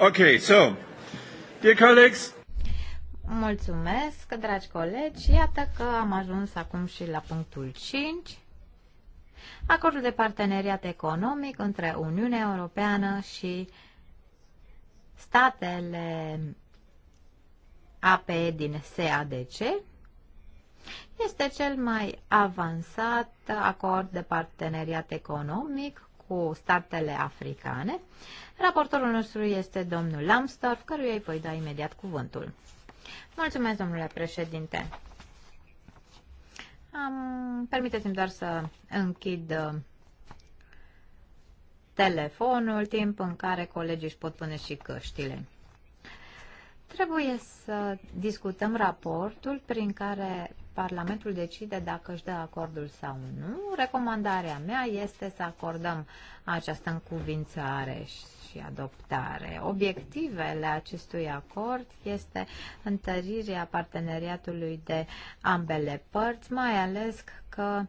Ok, so, dear colleagues. Mulțumesc, dragi colegi. Iată că am ajuns acum și la punctul 5. Acordul de parteneriat economic între Uniunea Europeană și statele APE din SADC este cel mai avansat acord de parteneriat economic cu statele africane. Raportorul nostru este domnul Lambsdorff, căruia îi voi da imediat cuvântul. Mulțumesc, domnule președinte. Um, permiteți-mi doar să închid uh, telefonul, timp în care colegii își pot pune și căștile. Trebuie să discutăm raportul prin care Parlamentul decide dacă își dă acordul sau nu. Recomandarea mea este să acordăm această încuvințare și adoptare. Obiectivele acestui acord este întărirea parteneriatului de ambele părți, mai ales că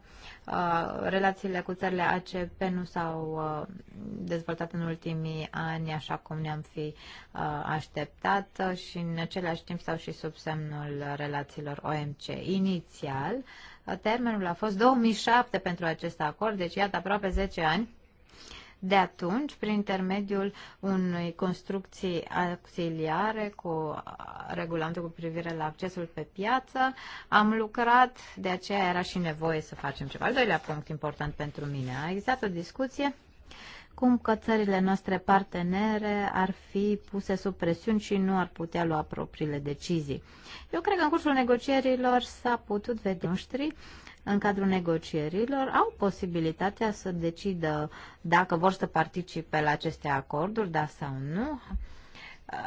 uh, relațiile cu țările ACP nu s-au uh, dezvoltat în ultimii ani așa cum ne-am fi uh, așteptat și în același timp stau și sub semnul relațiilor OMC. Inițial, termenul a fost 2007 pentru acest acord, deci iată aproape 10 ani de atunci, prin intermediul unei construcții auxiliare cu regulamentul cu privire la accesul pe piață, am lucrat, de aceea era și nevoie să facem ceva. Al doilea punct important pentru mine, a existat o discuție cum că țările noastre partenere ar fi puse sub presiuni și nu ar putea lua propriile decizii. Eu cred că în cursul negocierilor s-a putut vedea noștri în cadrul negocierilor au posibilitatea să decidă dacă vor să participe la aceste acorduri, da sau nu.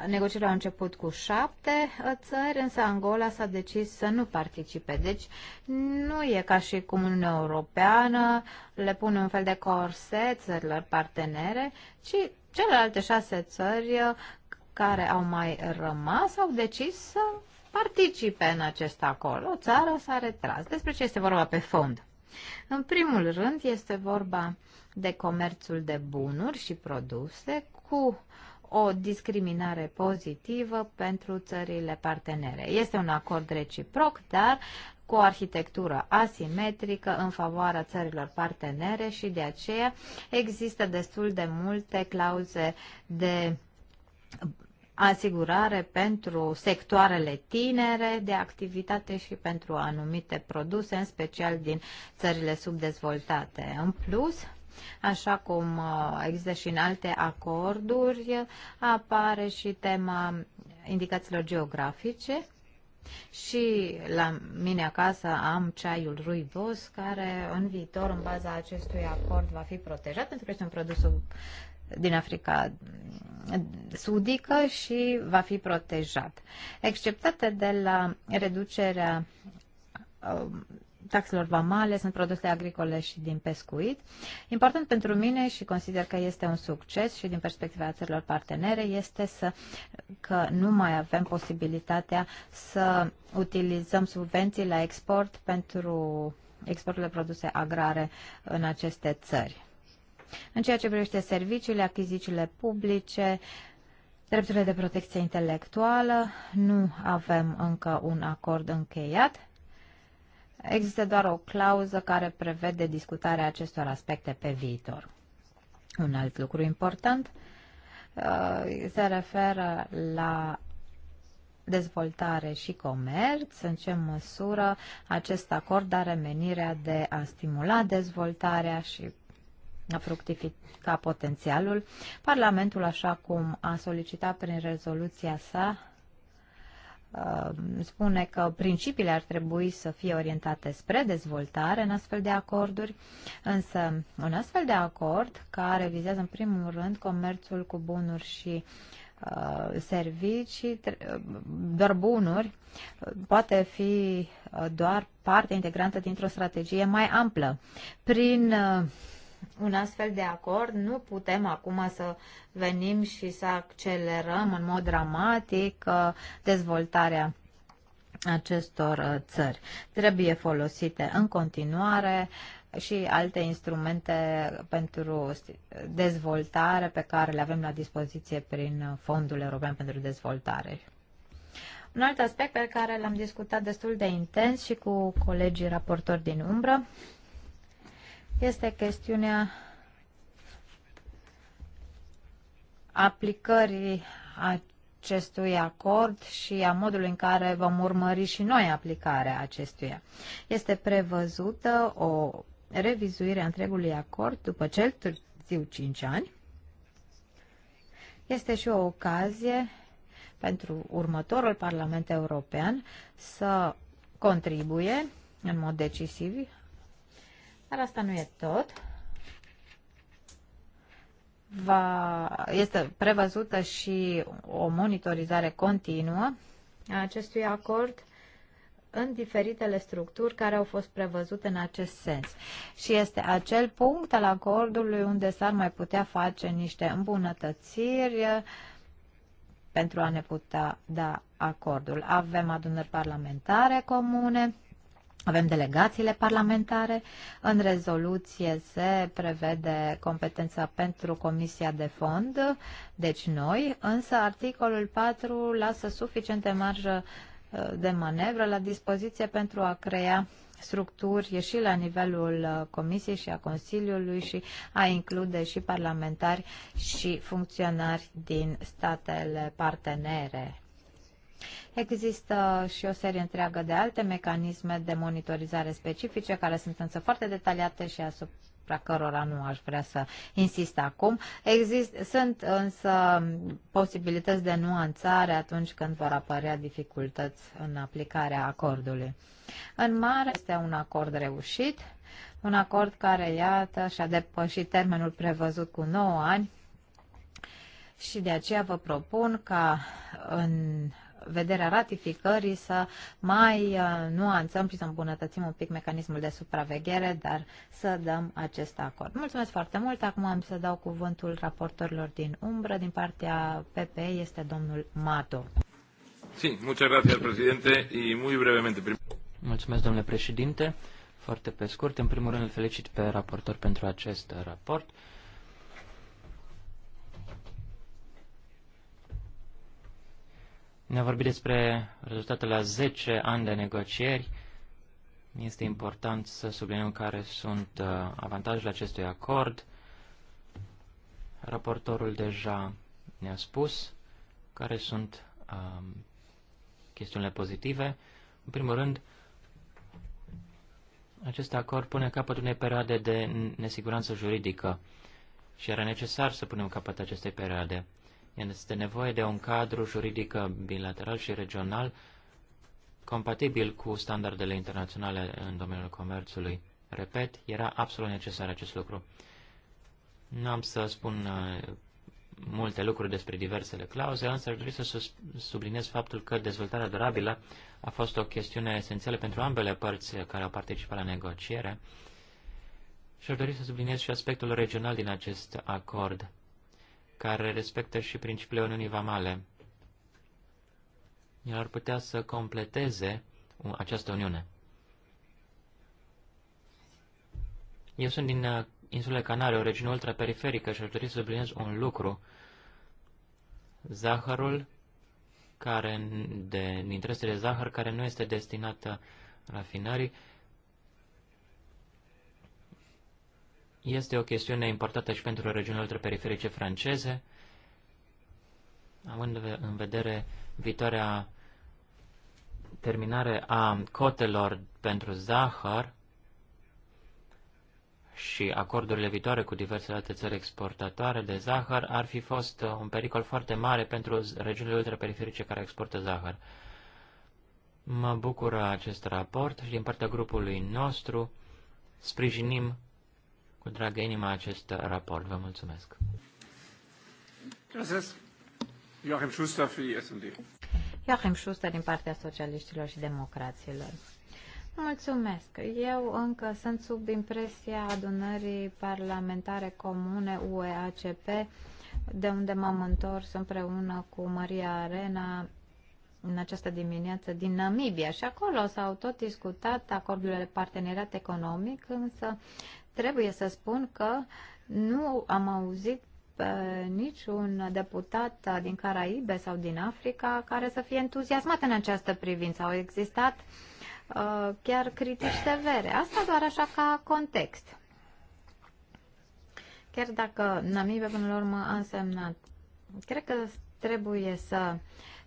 Negocierile au început cu șapte uh, țări, însă Angola s-a decis să nu participe. Deci nu e ca și cum Uniunea Europeană le pune un fel de corset țărilor partenere, ci celelalte șase țări uh, care au mai rămas au decis să participe în acest acord. O țară s-a retras. Despre ce este vorba pe fond? În primul rând este vorba de comerțul de bunuri și produse cu o discriminare pozitivă pentru țările partenere. Este un acord reciproc, dar cu o arhitectură asimetrică în favoarea țărilor partenere și de aceea există destul de multe clauze de asigurare pentru sectoarele tinere de activitate și pentru anumite produse, în special din țările subdezvoltate. În plus, așa cum uh, există și în alte acorduri, apare și tema indicațiilor geografice și la mine acasă am ceaiul ruibos, care în viitor, în baza acestui acord, va fi protejat pentru că este un produs din Africa sudică și va fi protejat. Exceptate de la reducerea um, taxelor vamale, sunt produse agricole și din pescuit. Important pentru mine și consider că este un succes și din perspectiva țărilor partenere este să, că nu mai avem posibilitatea să utilizăm subvenții la export pentru exportul de produse agrare în aceste țări. În ceea ce privește serviciile, achizițiile publice, drepturile de protecție intelectuală, nu avem încă un acord încheiat. Există doar o clauză care prevede discutarea acestor aspecte pe viitor. Un alt lucru important uh, se referă la dezvoltare și comerț, în ce măsură acest acord are menirea de a stimula dezvoltarea și a fructifica potențialul. Parlamentul, așa cum a solicitat prin rezoluția sa, uh, spune că principiile ar trebui să fie orientate spre dezvoltare în astfel de acorduri, însă un astfel de acord care vizează în primul rând comerțul cu bunuri și uh, servicii, uh, doar bunuri, uh, poate fi doar parte integrantă dintr-o strategie mai amplă. Prin uh, un astfel de acord, nu putem acum să venim și să accelerăm în mod dramatic uh, dezvoltarea acestor uh, țări. Trebuie folosite în continuare și alte instrumente pentru dezvoltare pe care le avem la dispoziție prin uh, Fondul European pentru Dezvoltare. Un alt aspect pe care l-am discutat destul de intens și cu colegii raportori din umbră este chestiunea aplicării acestui acord și a modului în care vom urmări și noi aplicarea acestuia. Este prevăzută o revizuire a întregului acord după cel târziu 5 ani. Este și o ocazie pentru următorul Parlament European să contribuie în mod decisiv dar asta nu e tot. Va, este prevăzută și o monitorizare continuă a acestui acord în diferitele structuri care au fost prevăzute în acest sens. Și este acel punct al acordului unde s-ar mai putea face niște îmbunătățiri pentru a ne putea da acordul. Avem adunări parlamentare comune avem delegațiile parlamentare. În rezoluție se prevede competența pentru Comisia de Fond, deci noi, însă articolul 4 lasă suficiente marjă uh, de manevră la dispoziție pentru a crea structuri și la nivelul uh, Comisiei și a Consiliului și a include și parlamentari și funcționari din statele partenere Există și o serie întreagă de alte mecanisme de monitorizare specifice, care sunt însă foarte detaliate și asupra cărora nu aș vrea să insist acum. Exist, sunt însă posibilități de nuanțare atunci când vor apărea dificultăți în aplicarea acordului. În mare este un acord reușit, un acord care, iată, și-a depășit termenul prevăzut cu 9 ani și de aceea vă propun ca în vederea ratificării să mai uh, nuanțăm și să îmbunătățim un pic mecanismul de supraveghere, dar să dăm acest acord. Mulțumesc foarte mult. Acum am să dau cuvântul raportorilor din umbră. Din partea PPE este domnul Mato. Sí, muchas gracias, presidente, y muy brevemente. Mulțumesc, domnule președinte. Foarte pe scurt, în primul rând îl felicit pe raportor pentru acest raport. Ne-a vorbit despre rezultatele la 10 ani de negocieri. Este important să subliniem care sunt uh, avantajele acestui acord. Raportorul deja ne-a spus care sunt um, chestiunile pozitive. În primul rând, acest acord pune capăt unei perioade de nesiguranță juridică și era necesar să punem capăt acestei perioade. Este nevoie de un cadru juridic bilateral și regional compatibil cu standardele internaționale în domeniul comerțului. Repet, era absolut necesar acest lucru. Nu am să spun uh, multe lucruri despre diversele clauze, însă aș dori să subliniez faptul că dezvoltarea durabilă a fost o chestiune esențială pentru ambele părți care au participat la negociere și aș dori să subliniez și aspectul regional din acest acord care respectă și principiile Uniunii Vamale. El ar putea să completeze această Uniune. Eu sunt din uh, insulele Canare, o regiune ultraperiferică și aș dori să subliniez un lucru. Zahărul, care de, dintre de zahăr, care nu este destinată uh, rafinării, Este o chestiune importantă și pentru regiunile ultraperiferice franceze, având în vedere viitoarea terminare a cotelor pentru zahăr și acordurile viitoare cu diverse alte țări exportatoare de zahăr ar fi fost uh, un pericol foarte mare pentru regiunile ultraperiferice care exportă zahăr. Mă bucură acest raport și din partea grupului nostru sprijinim cu dragă inima acest raport. Vă mulțumesc. Joachim Schuster für S&D. Joachim Schuster din partea socialiștilor și democraților. Mulțumesc. Eu încă sunt sub impresia adunării parlamentare comune UEACP, de unde m-am întors împreună cu Maria Arena în această dimineață din Namibia și acolo s-au tot discutat acordurile de parteneriat economic, însă trebuie să spun că nu am auzit niciun deputat din Caraibe sau din Africa care să fie entuziasmat în această privință. Au existat uh, chiar critici severe. Asta doar așa ca context. Chiar dacă Namibia până la urmă a însemnat, cred că trebuie să uh,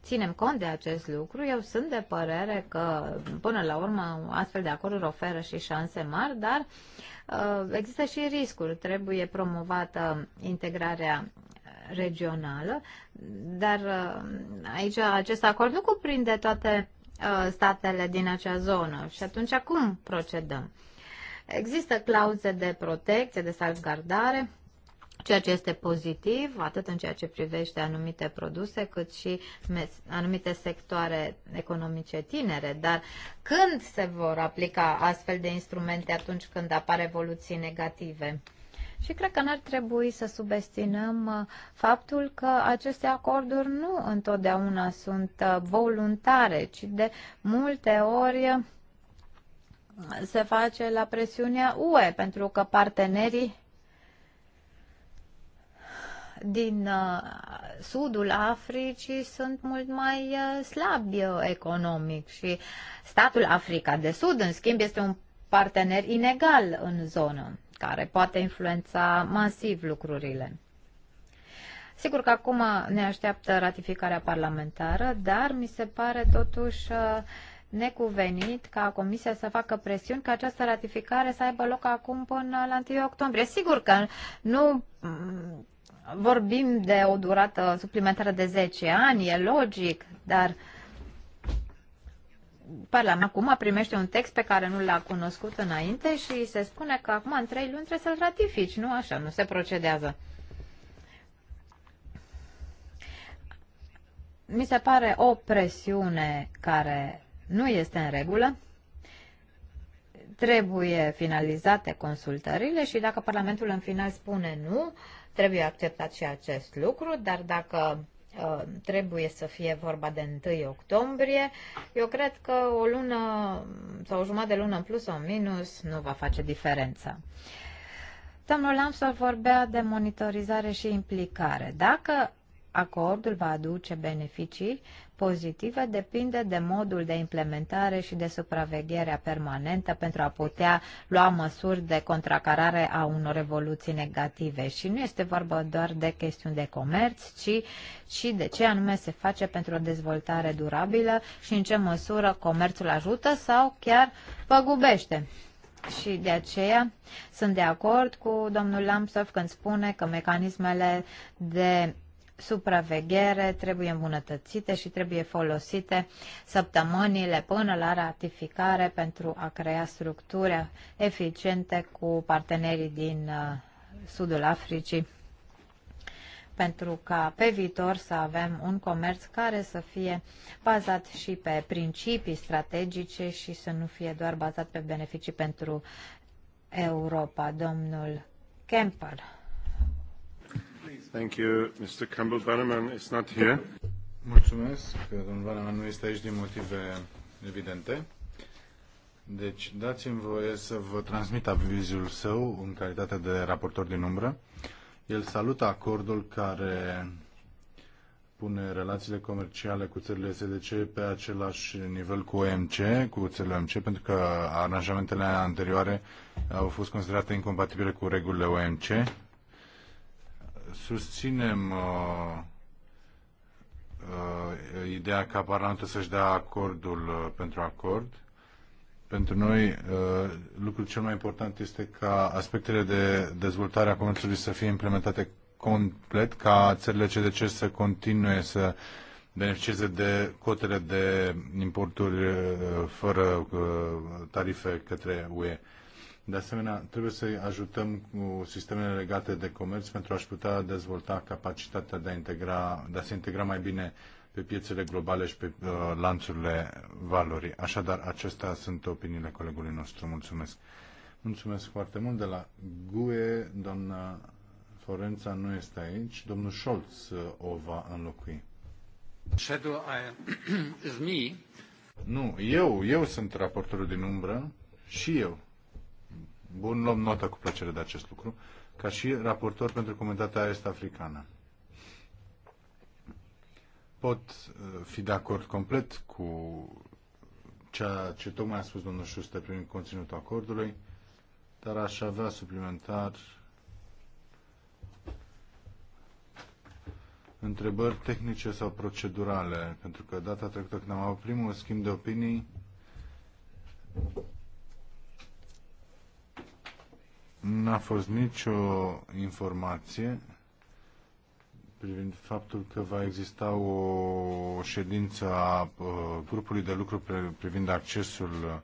ținem cont de acest lucru, eu sunt de părere că, până la urmă, astfel de acorduri oferă și șanse mari, dar uh, există și riscuri. Trebuie promovată integrarea regională, dar uh, aici acest acord nu cuprinde toate uh, statele din acea zonă. Și atunci cum procedăm? Există clauze de protecție, de salvgardare, ceea ce este pozitiv, atât în ceea ce privește anumite produse, cât și anumite sectoare economice tinere. Dar când se vor aplica astfel de instrumente atunci când apar evoluții negative? Și cred că n-ar trebui să subestimăm uh, faptul că aceste acorduri nu întotdeauna sunt uh, voluntare, ci de multe ori uh, se face la presiunea UE, pentru că partenerii din uh, sudul Africii sunt mult mai uh, slabi uh, economic și statul Africa de Sud, în schimb, este un partener inegal în zonă, care poate influența masiv lucrurile. Sigur că acum ne așteaptă ratificarea parlamentară, dar mi se pare totuși necuvenit ca Comisia să facă presiuni ca această ratificare să aibă loc acum până la 1 octombrie. Sigur că nu vorbim de o durată suplimentară de 10 ani, e logic, dar Parlament acum primește un text pe care nu l-a cunoscut înainte și se spune că acum în 3 luni trebuie să-l ratifici, nu așa, nu se procedează. Mi se pare o presiune care nu este în regulă trebuie finalizate consultările și dacă Parlamentul în final spune nu, Trebuie acceptat și acest lucru, dar dacă uh, trebuie să fie vorba de 1 octombrie, eu cred că o lună sau o jumătate de lună în plus sau în minus nu va face diferența. Domnul Lamsor vorbea de monitorizare și implicare. Dacă acordul va aduce beneficii pozitive depinde de modul de implementare și de supraveghere permanentă pentru a putea lua măsuri de contracarare a unor evoluții negative. Și nu este vorba doar de chestiuni de comerț, ci și de ce anume se face pentru o dezvoltare durabilă și în ce măsură comerțul ajută sau chiar păgubește. Și de aceea sunt de acord cu domnul Lamsov când spune că mecanismele de supraveghere trebuie îmbunătățite și trebuie folosite săptămânile până la ratificare pentru a crea structuri eficiente cu partenerii din uh, Sudul Africii pentru ca pe viitor să avem un comerț care să fie bazat și pe principii strategice și să nu fie doar bazat pe beneficii pentru Europa. Domnul Kemper. Thank you. Mr. Campbell Bannerman is not here. Mulțumesc domnul Bannerman nu este aici din motive evidente. Deci, dați-mi voie să vă transmit avizul său în calitate de raportor din umbră. El salută acordul care pune relațiile comerciale cu țările SDC pe același nivel cu OMC, cu țările OMC, pentru că aranjamentele anterioare au fost considerate incompatibile cu regulile OMC susținem uh, uh, ideea ca Parlamentul să-și dea acordul uh, pentru acord. Pentru noi, uh, lucrul cel mai important este ca aspectele de dezvoltare a comerțului să fie implementate complet, ca țările CDC să continue să beneficieze de cotele de importuri uh, fără uh, tarife către UE. Uh, de asemenea, trebuie să-i ajutăm cu sistemele legate de comerț pentru a-și putea dezvolta capacitatea de a, integra, de a se integra mai bine pe piețele globale și pe uh, lanțurile valorii. Așadar, acestea sunt opiniile colegului nostru. Mulțumesc. Mulțumesc foarte mult. De la GUE, doamna Forența nu este aici. Domnul Scholz uh, o va înlocui. Shadow is me. Nu, eu, eu sunt raportorul din umbră și eu. Bun, luăm notă cu plăcere de acest lucru, ca și raportor pentru comunitatea est-africană. Pot uh, fi de acord complet cu ceea ce tocmai a spus domnul Șuste prin conținutul acordului, dar aș avea suplimentar întrebări tehnice sau procedurale, pentru că data trecută când am avut primul schimb de opinii, N-a fost nicio informație privind faptul că va exista o ședință a uh, grupului de lucru privind accesul uh,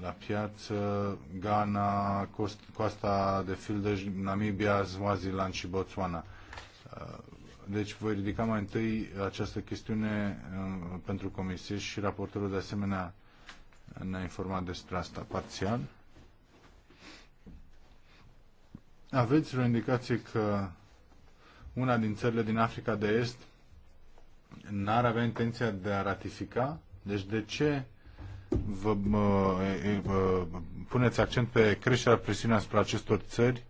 la piață, Ghana, Costa de Fildeș, Namibia, Swaziland și Botswana. Uh, deci voi ridica mai întâi această chestiune pentru comisie și raportorul de asemenea ne-a informat despre asta parțial. aveți o indicație că una din țările din Africa de Est n-ar avea intenția de a ratifica? Deci de ce vă, vă, vă puneți accent pe creșterea presiunii asupra acestor țări,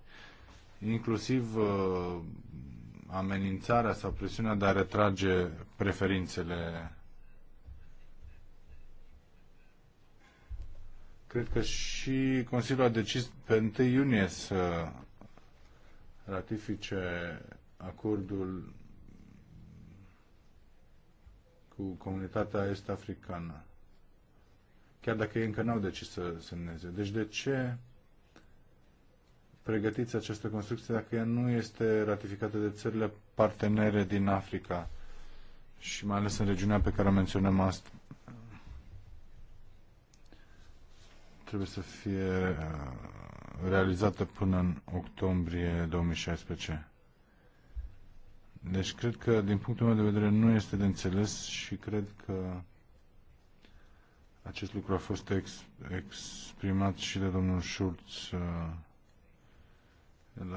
inclusiv uh, amenințarea sau presiunea de a retrage preferințele Cred că și Consiliul a decis pe 1 iunie să ratifice acordul cu comunitatea est-africană. Chiar dacă ei încă n-au decis să semneze. Deci de ce pregătiți această construcție dacă ea nu este ratificată de țările partenere din Africa și mai ales în regiunea pe care o menționăm asta? Trebuie să fie uh, realizată până în octombrie 2016. Deci cred că, din punctul meu de vedere, nu este de înțeles și cred că acest lucru a fost ex, exprimat și de domnul Schulz uh,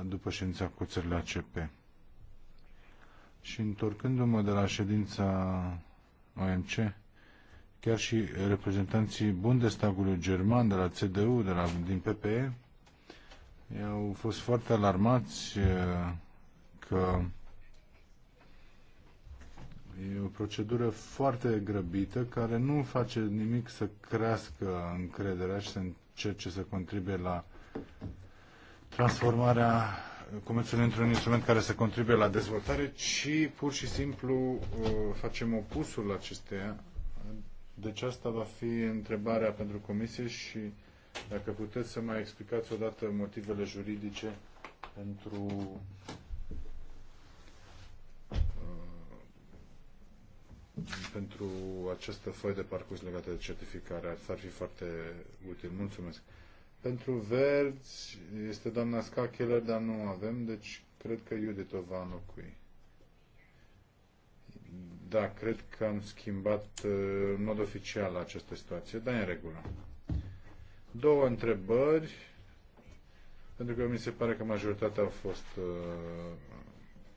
după ședința cu țările ACP. Și întorcându-mă de la ședința OMC, chiar și reprezentanții Bundestagului german de la CDU, de la, din PPE, eu au fost foarte alarmați eh, că e o procedură foarte grăbită care nu face nimic să crească încrederea și să încerce să contribuie la transformarea comerțului într-un instrument care să contribuie la dezvoltare, ci pur și simplu eh, facem opusul acesteia. Deci asta va fi întrebarea pentru comisie și dacă puteți să mai explicați odată motivele juridice pentru uh, pentru această foi de parcurs legată de certificare. S-ar fi foarte util. Mulțumesc. Pentru verzi este doamna Ska dar nu avem, deci cred că Judith o va înlocui. Da, cred că am schimbat uh, în mod oficial această situație, dar e în regulă. Două întrebări, pentru că mi se pare că majoritatea au fost uh,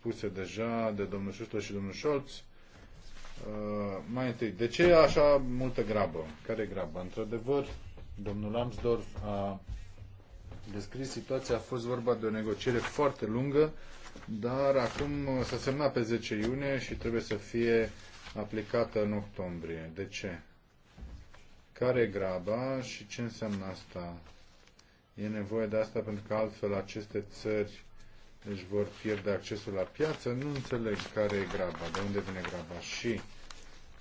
puse deja de domnul Șustă și domnul Șolț. Uh, mai întâi, de ce așa multă grabă? Care e grabă? Într-adevăr, domnul Lambsdorff a descris situația, a fost vorba de o negociere foarte lungă, dar acum uh, s-a semnat pe 10 iunie și trebuie să fie aplicată în octombrie. De ce? care e graba și ce înseamnă asta. E nevoie de asta pentru că altfel aceste țări își vor pierde accesul la piață. Nu înțeleg care e graba, de unde vine graba. Și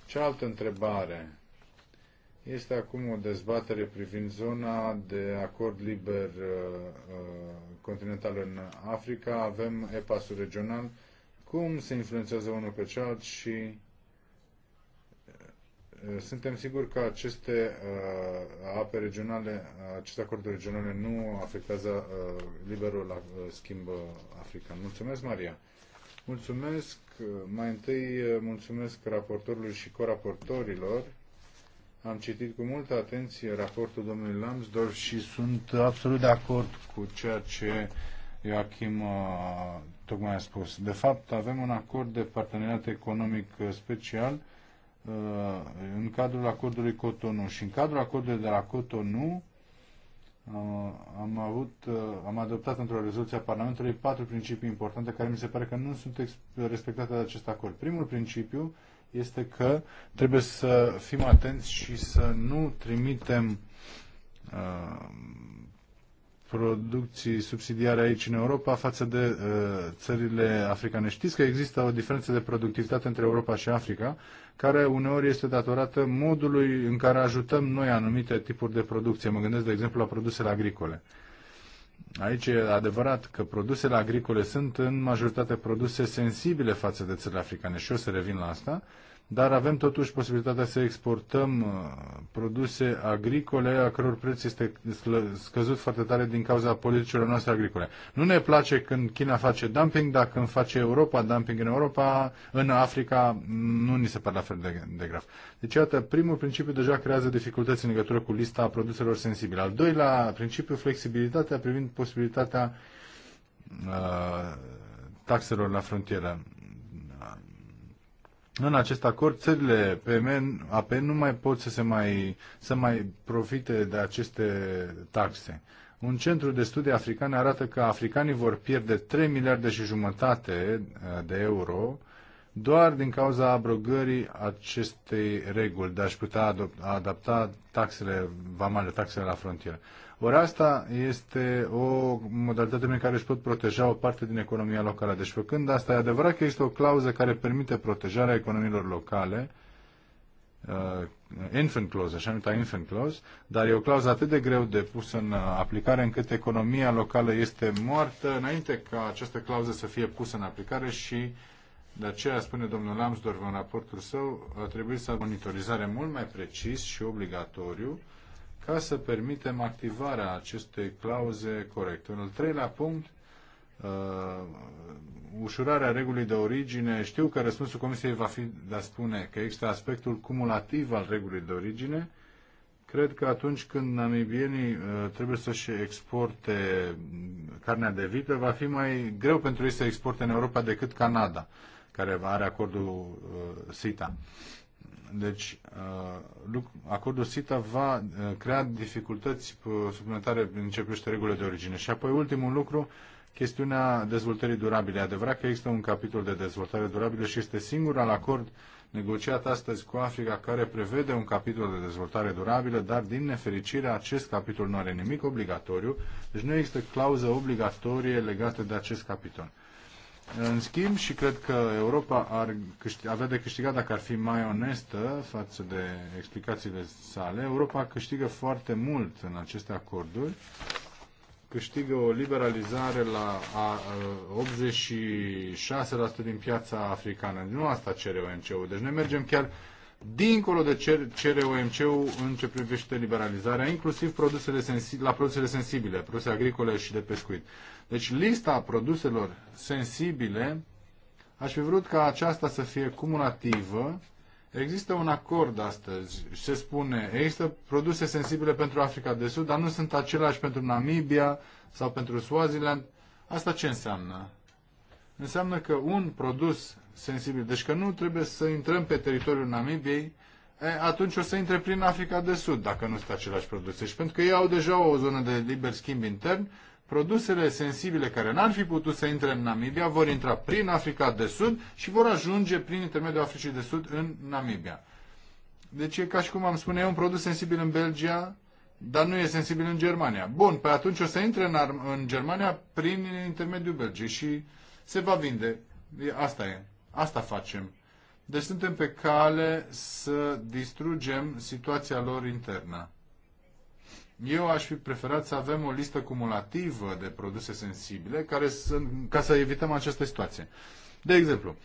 cealaltă întrebare este acum o dezbatere privind zona de acord liber uh, uh continental în Africa. Avem EPAS-ul regional. Cum se influențează unul pe celălalt și Eh, suntem siguri că aceste eh, ape regionale, aceste acorduri regionale nu afectează eh, liberul schimb african. Mulțumesc, Maria! Mulțumesc, mai întâi mulțumesc raportorului și coraportorilor. Am citit cu multă atenție raportul domnului Lambsdorff și sunt absolut de acord cu ceea ce Joachim tocmai a spus. De fapt, avem un acord de parteneriat economic special Uh, în cadrul acordului Cotonou. Și în cadrul acordului de la Cotonou uh, am, avut, uh, am adoptat într-o rezoluție a Parlamentului patru principii importante care mi se pare că nu sunt respectate de acest acord. Primul principiu este că trebuie să fim atenți și să nu trimitem producții subsidiare aici în Europa față de țările africane. Știți că există o diferență de productivitate între Europa și Africa care uneori este datorată modului în care ajutăm noi anumite tipuri de producție. Mă gândesc, de exemplu, la produsele agricole. Aici e adevărat că produsele agricole sunt în majoritate produse sensibile față de țările africane și o să revin la asta, dar avem totuși posibilitatea să exportăm uh, produse agricole a căror preț este scăzut foarte tare din cauza politicilor noastre agricole. Nu ne place când China face dumping, dar când face Europa dumping în Europa, în Africa nu ni se pare la fel de, de grav. Deci, iată, primul principiu deja creează dificultăți în legătură cu lista produselor sensibile. Al doilea principiu, flexibilitatea privind posibilitatea uh, taxelor la frontieră în acest acord, țările PMN, AP nu mai pot să, se mai, să mai profite de aceste taxe. Un centru de studii africane arată că africanii vor pierde 3 miliarde și jumătate uh, de euro doar din cauza abrogării acestei reguli de a-și putea adapta taxele vamale, taxele la frontieră. Ori asta este o modalitate prin care își pot proteja o parte din economia locală. Deci făcând asta, e adevărat că este o clauză care permite protejarea economiilor locale, uh, infant clause, așa numită infant clause, dar e o clauză atât de greu de pus în aplicare încât economia locală este moartă înainte ca această clauză să fie pusă în aplicare și de aceea, spune domnul Lambsdorff în raportul său, a trebuit să monitorizare mult mai precis și obligatoriu ca să permitem activarea acestei clauze corecte. În al treilea punct, uh, ușurarea regulii de origine. Știu că răspunsul Comisiei va fi de a spune că există aspectul cumulativ al regulii de origine. Cred că atunci când namibienii uh, trebuie să-și exporte carnea de vită, va fi mai greu pentru ei să exporte în Europa decât Canada. Uh, care are acordul uh, SITA. Deci, uh, acordul SITA va uh, crea dificultăți suplimentare în ce privește regulile de origine. Și apoi, ultimul lucru, chestiunea dezvoltării durabile. adevărat că există un capitol de dezvoltare durabilă și este singurul acord negociat astăzi cu Africa care prevede un capitol de dezvoltare durabilă, dar din nefericire acest capitol nu are nimic obligatoriu, deci nu există clauză obligatorie legată de acest capitol. În schimb, și cred că Europa ar avea de câștigat dacă ar fi mai onestă față de explicațiile sale, Europa câștigă foarte mult în aceste acorduri, câștigă o liberalizare la 86% din piața africană. Nu asta cere OMC-ul, deci noi mergem chiar dincolo de ce cere OMC-ul în ce privește liberalizarea, inclusiv produsele sensi- la produsele sensibile, produse agricole și de pescuit. Deci lista produselor sensibile, aș fi vrut ca aceasta să fie cumulativă. Există un acord astăzi, se spune, există produse sensibile pentru Africa de Sud, dar nu sunt aceleași pentru Namibia sau pentru Swaziland. Asta ce înseamnă? Înseamnă că un produs sensibil. Deci că nu trebuie să intrăm pe teritoriul Namibiei, atunci o să intre prin Africa de Sud, dacă nu sunt aceleași produse. Și pentru că ei au deja o zonă de liber schimb intern, produsele sensibile care n-ar fi putut să intre în Namibia vor intra prin Africa de Sud și vor ajunge prin intermediul Africii de Sud în Namibia. Deci e ca și cum am spune, e un produs sensibil în Belgia, dar nu e sensibil în Germania. Bun, pe păi atunci o să intre în, în Germania prin intermediul Belgiei și se va vinde. E, asta e. Asta facem. Deci suntem pe cale să distrugem situația lor internă. Eu aș fi preferat să avem o listă cumulativă de produse sensibile care sunt, ca să evităm această situație. De exemplu,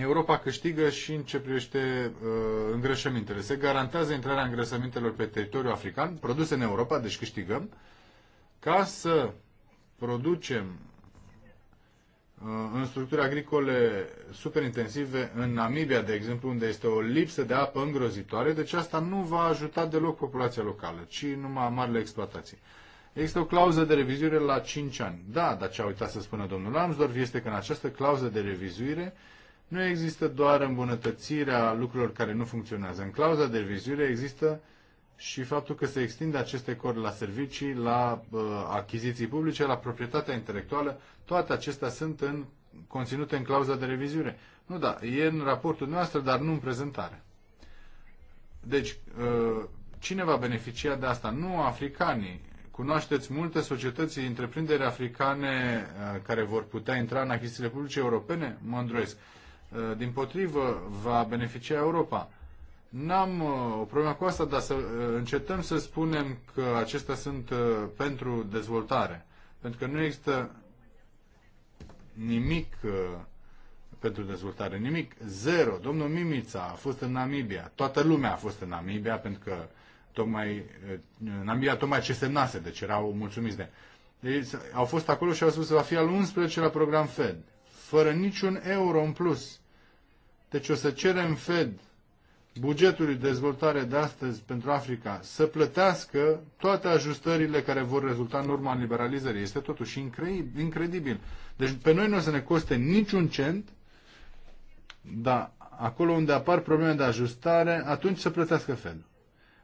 Europa câștigă și în ce privește uh, îngrășămintele. Se garantează intrarea îngrășămintelor pe teritoriul african, produse în Europa, deci câștigăm, ca să producem Uh, în structuri agricole superintensive în Namibia, de exemplu, unde este o lipsă de apă îngrozitoare, deci asta nu va ajuta deloc populația locală, ci numai marile exploatații. Există o clauză de revizuire la 5 ani. Da, dar ce a uitat să spună domnul Amsdorf este că în această clauză de revizuire nu există doar îmbunătățirea lucrurilor care nu funcționează. În clauza de revizuire există și faptul că se extinde aceste acord la servicii, la uh, achiziții publice, la proprietatea intelectuală, toate acestea sunt în, conținute în clauza de revizuire. Nu, da, e în raportul noastră, dar nu în prezentare. Deci, uh, cine va beneficia de asta? Nu africanii. Cunoașteți multe societăți, întreprinderi africane uh, care vor putea intra în achizițiile publice europene? Mă îndroiesc. Uh, din potrivă, va beneficia Europa N-am uh, o problemă cu asta, dar să uh, încetăm să spunem că acestea sunt uh, pentru dezvoltare. Pentru că nu există nimic pentru dezvoltare, nimic, zero. Domnul Mimița a fost în Namibia, toată lumea a fost în Namibia, pentru că tocmai, Namibia tocmai ce semnase, deci erau mulțumiți de ei au fost acolo și au spus că va fi al 11 la program Fed, fără niciun euro în plus. Deci o să cerem Fed bugetului de dezvoltare de astăzi pentru Africa să plătească toate ajustările care vor rezulta în urma liberalizării. Este totuși incredibil. Deci pe noi nu o să ne coste niciun cent, dar acolo unde apar probleme de ajustare, atunci să plătească Fed.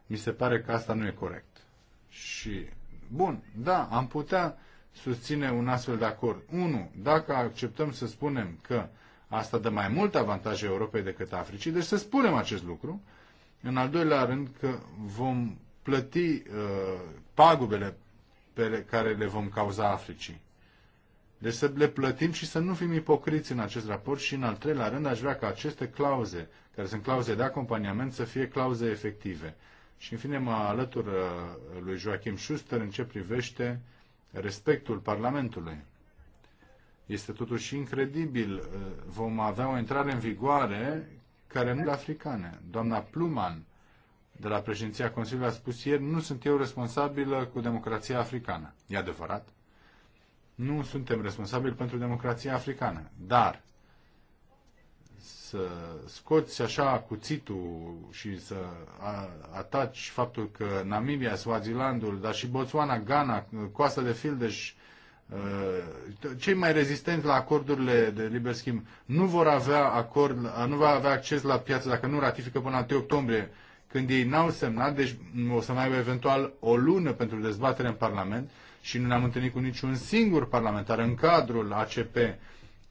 Mi se pare că asta nu e corect. Și, bun, da, am putea susține un astfel de acord. Unu, dacă acceptăm să spunem că Asta dă mai mult avantaje Europei decât Africii, deci să spunem acest lucru. În al doilea rând că vom plăti uh, pagubele pe care le vom cauza Africii. Deci să le plătim și să nu fim ipocriți în acest raport și în al treilea rând aș vrea ca aceste clauze, care sunt clauze de acompaniament, să fie clauze efective. Și în fine mă alătur uh, lui Joachim Schuster în ce privește respectul Parlamentului. Este totuși incredibil. Uh, vom avea o intrare în vigoare care nu de africane. Doamna Pluman, de la președinția Consiliului, a spus ieri, nu sunt eu responsabilă cu democrația africană. E adevărat? Nu suntem responsabili pentru democrația africană. Dar să scoți așa cuțitul și să ataci faptul că Namibia, Swazilandul, dar și Botswana, Ghana, Coasta de Fildeș, Uh, cei mai rezistenți la acordurile de liber schimb nu vor avea acord, uh, nu va avea acces la piață dacă nu ratifică până la 1 octombrie, când ei n-au semnat, deci o să mai aibă eventual o lună pentru dezbatere în Parlament și nu ne-am întâlnit cu niciun singur parlamentar în cadrul ACP,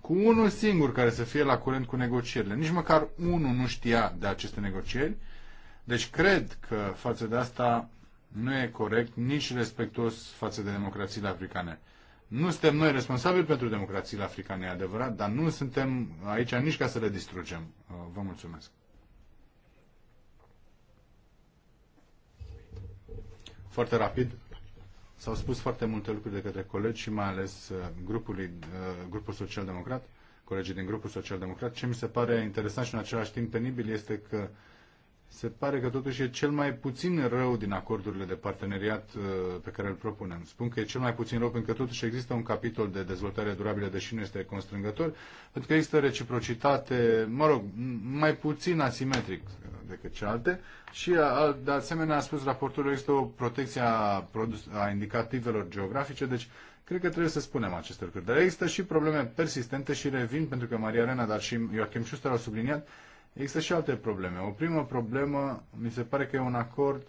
cu unul singur care să fie la curent cu negocierile. Nici măcar unul nu știa de aceste negocieri. Deci cred că față de asta nu e corect, nici respectuos față de democrațiile africane. Nu suntem noi responsabili pentru democrațiile africane, e adevărat, dar nu suntem aici nici ca să le distrugem. Uh, vă mulțumesc. Foarte rapid. S-au spus foarte multe lucruri de către colegi și mai ales uh, grupului, uh, grupul social-democrat, colegii din grupul social-democrat. Ce mi se pare interesant și în același timp penibil este că se pare că totuși e cel mai puțin rău din acordurile de parteneriat uh, pe care îl propunem. Spun că e cel mai puțin rău pentru că totuși există un capitol de dezvoltare durabilă, deși nu este constrângător, pentru că există reciprocitate, mă rog, mai puțin asimetric uh, decât cealaltă și uh, de asemenea a spus raportul, există o protecție a, a indicativelor geografice, deci Cred că trebuie să spunem aceste lucruri. Dar există și probleme persistente și revin, pentru că Maria Arena, dar și Joachim Schuster au subliniat, Există și alte probleme. O primă problemă mi se pare că e un acord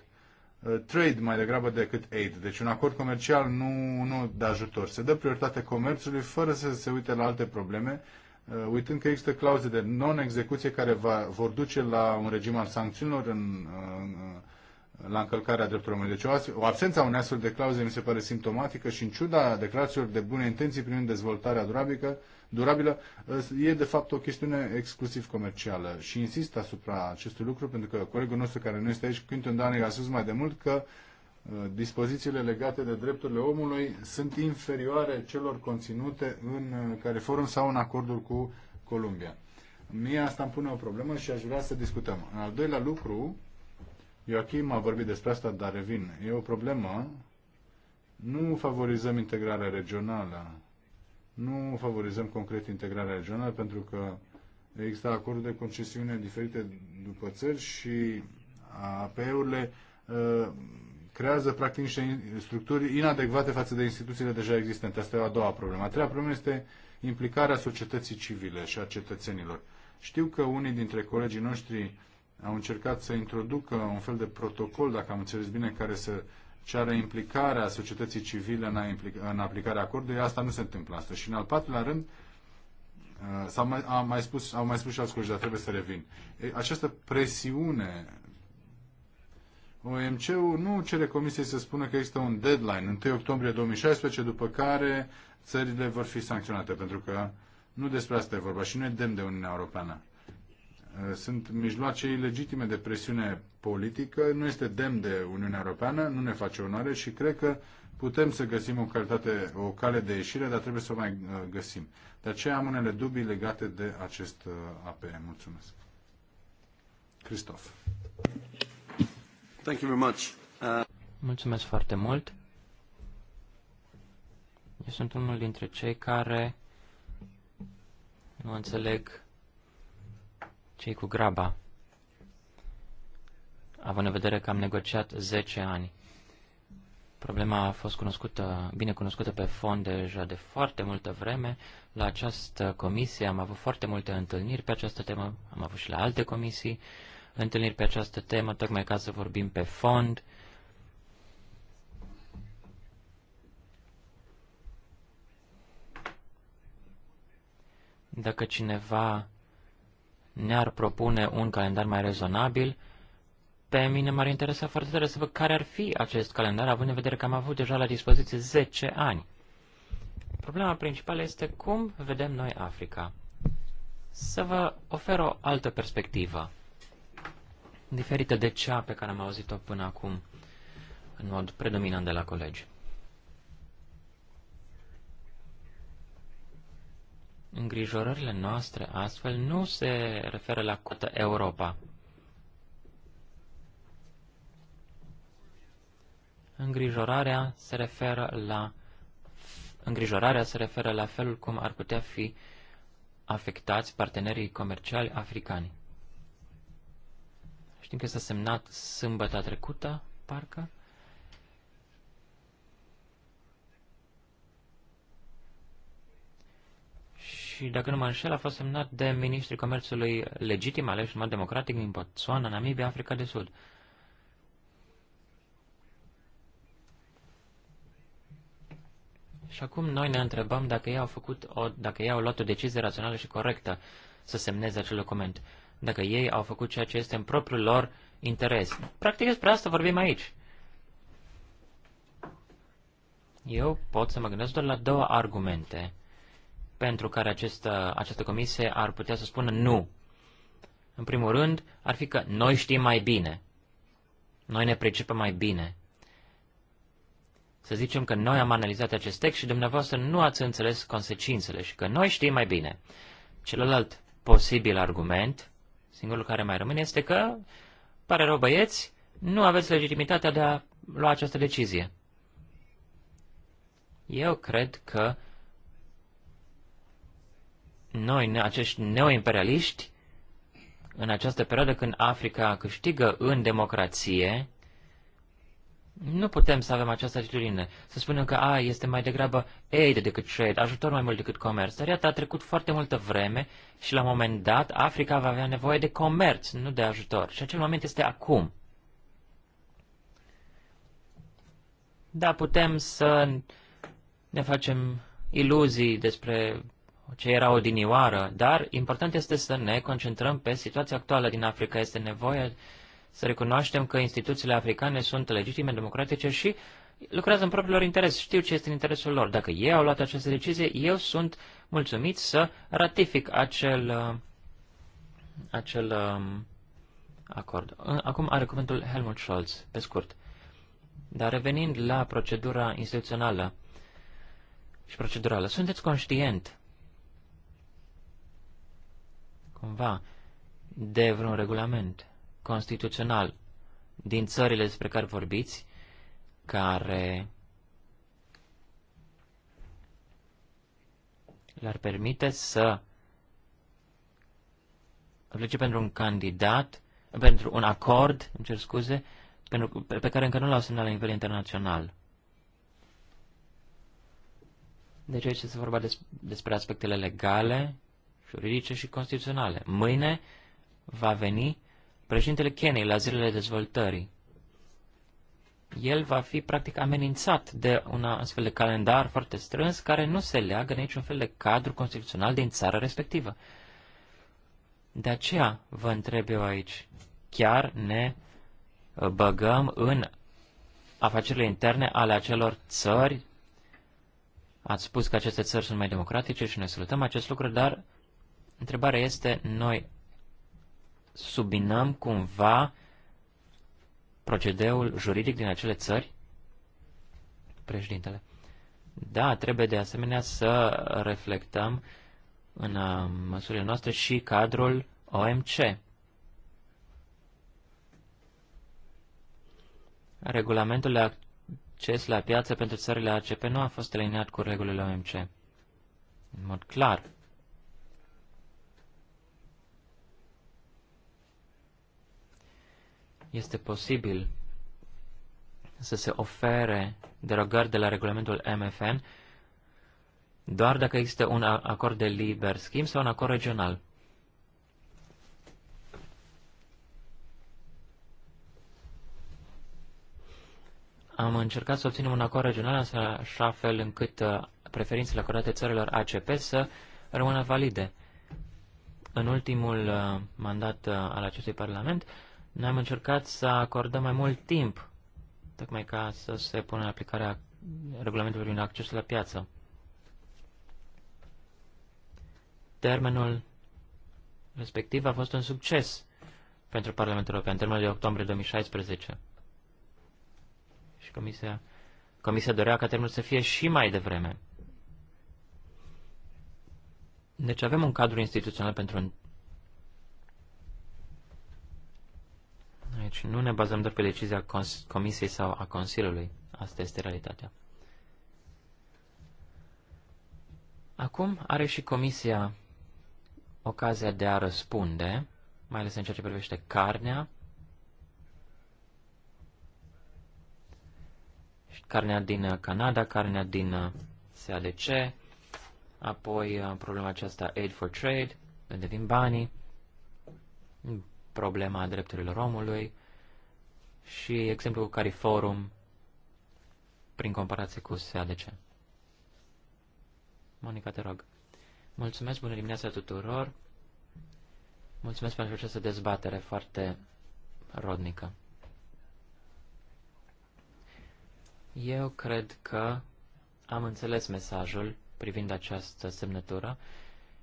uh, trade mai degrabă decât aid. Deci un acord comercial nu, nu de ajutor. Se dă prioritate comerțului fără să se uite la alte probleme, uh, uitând că există clauze de non-execuție care va, vor duce la un regim al sancțiunilor în, în, la încălcarea drepturilor omului. Deci o, o absența unei astfel de clauze mi se pare simptomatică și în ciuda declarațiilor de bune intenții privind dezvoltarea durabilă, durabilă e de fapt o chestiune exclusiv comercială și insist asupra acestui lucru pentru că colegul nostru care nu este aici, Quinton Danig, a spus mai de mult că ă, dispozițiile legate de drepturile omului sunt inferioare celor conținute în care forum sau în acordul cu Columbia. Mie asta îmi pune o problemă și aș vrea să discutăm. În al doilea lucru, Joachim a vorbit despre asta, dar revin. E o problemă. Nu favorizăm integrarea regională nu favorizăm concret integrarea regională pentru că există acorduri de concesiune diferite după țări și APE-urile uh, creează practic niște structuri inadecvate față de instituțiile deja existente. Asta e a doua problemă. A treia problemă este implicarea societății civile și a cetățenilor. Știu că unii dintre colegii noștri au încercat să introducă un fel de protocol, dacă am înțeles bine, care să are implicarea societății civile în, în aplicarea acordului. Asta nu se întâmplă astăzi. Și în al patrulea rând, uh, s-au mai, am mai spus, au mai spus și alți colegi, dar trebuie să revin. Această presiune OMC-ul nu cere comisiei să spună că există un deadline, 1 octombrie 2016, după care țările vor fi sancționate, pentru că nu despre asta e vorba și nu e demn de Uniunea Europeană. Sunt mijloace ilegitime de presiune politică, nu este demn de Uniunea Europeană, nu ne face onoare și cred că putem să găsim o, calitate, o cale de ieșire, dar trebuie să o mai uh, găsim. De aceea am unele dubii legate de acest uh, APE. Mulțumesc. Cristof. Thank you very much. Uh... Mulțumesc foarte mult. Eu sunt unul dintre cei care nu înțeleg cei cu graba, având în vedere că am negociat 10 ani. Problema a fost cunoscută, bine cunoscută pe fond deja de foarte multă vreme. La această comisie am avut foarte multe întâlniri pe această temă, am avut și la alte comisii întâlniri pe această temă, tocmai ca să vorbim pe fond. Dacă cineva ne-ar propune un calendar mai rezonabil, pe mine m-ar interesa foarte tare să văd care ar fi acest calendar, având în vedere că am avut deja la dispoziție 10 ani. Problema principală este cum vedem noi Africa. Să vă ofer o altă perspectivă, diferită de cea pe care am auzit-o până acum, în mod predominant de la colegi. Îngrijorările noastre astfel nu se referă la cotă Europa. Îngrijorarea se referă la îngrijorarea se referă la felul cum ar putea fi afectați partenerii comerciali africani. Știm că s-a semnat sâmbătă trecută, parcă, și, dacă nu mă înșel, a fost semnat de ministrii comerțului legitim aleși în mod democratic din Botswana, Namibia, Africa de Sud. Și acum noi ne întrebăm dacă ei au, făcut o, dacă ei au luat o decizie rațională și corectă să semneze acel document, dacă ei au făcut ceea ce este în propriul lor interes. Practic despre asta vorbim aici. Eu pot să mă gândesc doar la două argumente pentru care această, uh, această comisie ar putea să spună nu. În primul rând, ar fi că noi știm mai bine. Noi ne pricepem mai bine. Să zicem că noi am analizat acest text și dumneavoastră nu ați înțeles consecințele și că noi știm mai bine. Celălalt posibil argument, singurul care mai rămâne, este că, pare rău băieți, nu aveți legitimitatea de a lua această decizie. Eu cred că noi, acești neoimperialiști, în această perioadă când Africa câștigă în democrație, nu putem să avem această atitudine. Să spunem că, a, este mai degrabă aid decât trade, ajutor mai mult decât comerț. Dar iată, a trecut foarte multă vreme și la un moment dat Africa va avea nevoie de comerț, nu de ajutor. Și acel moment este acum. Da, putem să ne facem iluzii despre ce era odinioară, dar important este să ne concentrăm pe situația actuală din Africa. Este nevoie să recunoaștem că instituțiile africane sunt legitime, democratice și lucrează în propriul lor interes. Știu ce este în interesul lor. Dacă ei au luat această decizie, eu sunt mulțumit să ratific acel, uh, acel um, acord. Uh, acum are cuvântul Helmut Scholz, pe scurt. Dar revenind la procedura instituțională și procedurală, sunteți conștient cumva de vreun regulament constituțional din țările despre care vorbiți, care le-ar permite să aplice pentru un candidat, pentru un acord, îmi cer scuze, pentru, pe care încă nu l-au semnat la nivel internațional. Deci aici este vorba despre aspectele legale juridice și constituționale. Mâine va veni președintele Kenny la zilele dezvoltării. El va fi practic amenințat de un astfel de calendar foarte strâns care nu se leagă de niciun fel de cadru constituțional din țara respectivă. De aceea vă întreb eu aici, chiar ne uh, băgăm în afacerile interne ale acelor țări. Ați spus că aceste țări sunt mai democratice și ne salutăm acest lucru, dar Întrebarea este, noi subinăm cumva procedeul juridic din acele țări? Președintele. Da, trebuie de asemenea să reflectăm în uh, măsurile noastre și cadrul OMC. Regulamentul de acces la piață pentru țările ACP nu a fost alineat cu regulile OMC. În mod clar. este posibil să se ofere derogări de la regulamentul MFN doar dacă există un acord de liber schimb sau un acord regional. Am încercat să obținem un acord regional în așa fel încât uh, preferințele acordate țărilor ACP să rămână valide. În ultimul uh, mandat uh, al acestui parlament, noi am încercat să acordăm mai mult timp, tocmai ca să se pună în aplicare regulamentului privind accesul la piață. Termenul respectiv a fost un succes pentru Parlamentul European, termenul de octombrie 2016. Și comisia, comisia dorea ca termenul să fie și mai devreme. Deci avem un cadru instituțional pentru Deci nu ne bazăm doar pe decizia Comisiei sau a Consiliului. Asta este realitatea. Acum are și Comisia ocazia de a răspunde, mai ales în ceea ce privește carnea, carnea din Canada, carnea din SADC, apoi uh, problema aceasta Aid for Trade, unde vin banii, problema drepturilor omului, și exemplu cu Cariforum prin comparație cu SADC. Monica, te rog. Mulțumesc, bună dimineața tuturor. Mulțumesc pentru această dezbatere foarte rodnică. Eu cred că am înțeles mesajul privind această semnătură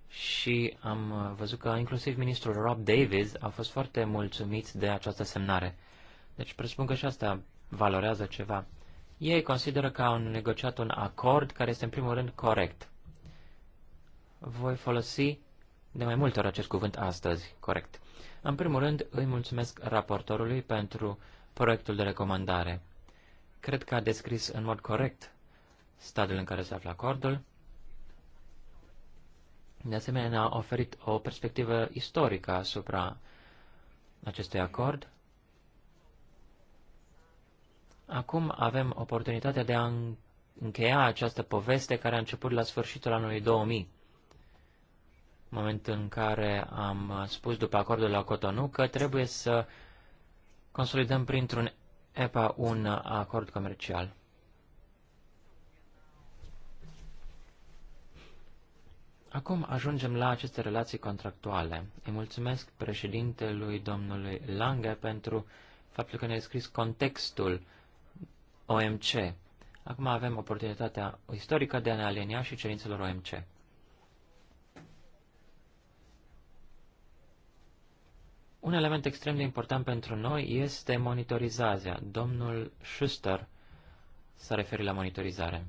și am văzut că inclusiv ministrul Rob Davis a fost foarte mulțumit de această semnare. Deci presupun că și asta valorează ceva. Ei consideră că au negociat un acord care este în primul rând corect. Voi folosi de mai multe ori acest cuvânt astăzi, corect. În primul rând, îi mulțumesc raportorului pentru proiectul de recomandare. Cred că a descris în mod corect stadiul în care se află acordul. De asemenea, a oferit o perspectivă istorică asupra acestui acord Acum avem oportunitatea de a încheia această poveste care a început la sfârșitul anului 2000, moment în care am spus după acordul la Cotonou că trebuie să consolidăm printr-un EPA un acord comercial. Acum ajungem la aceste relații contractuale. Îi mulțumesc președintelui domnului Lange pentru faptul că ne-a scris contextul OMC. Acum avem oportunitatea istorică de a ne alinia și cerințelor OMC. Un element extrem de important pentru noi este monitorizarea. Domnul Schuster s-a referit la monitorizare.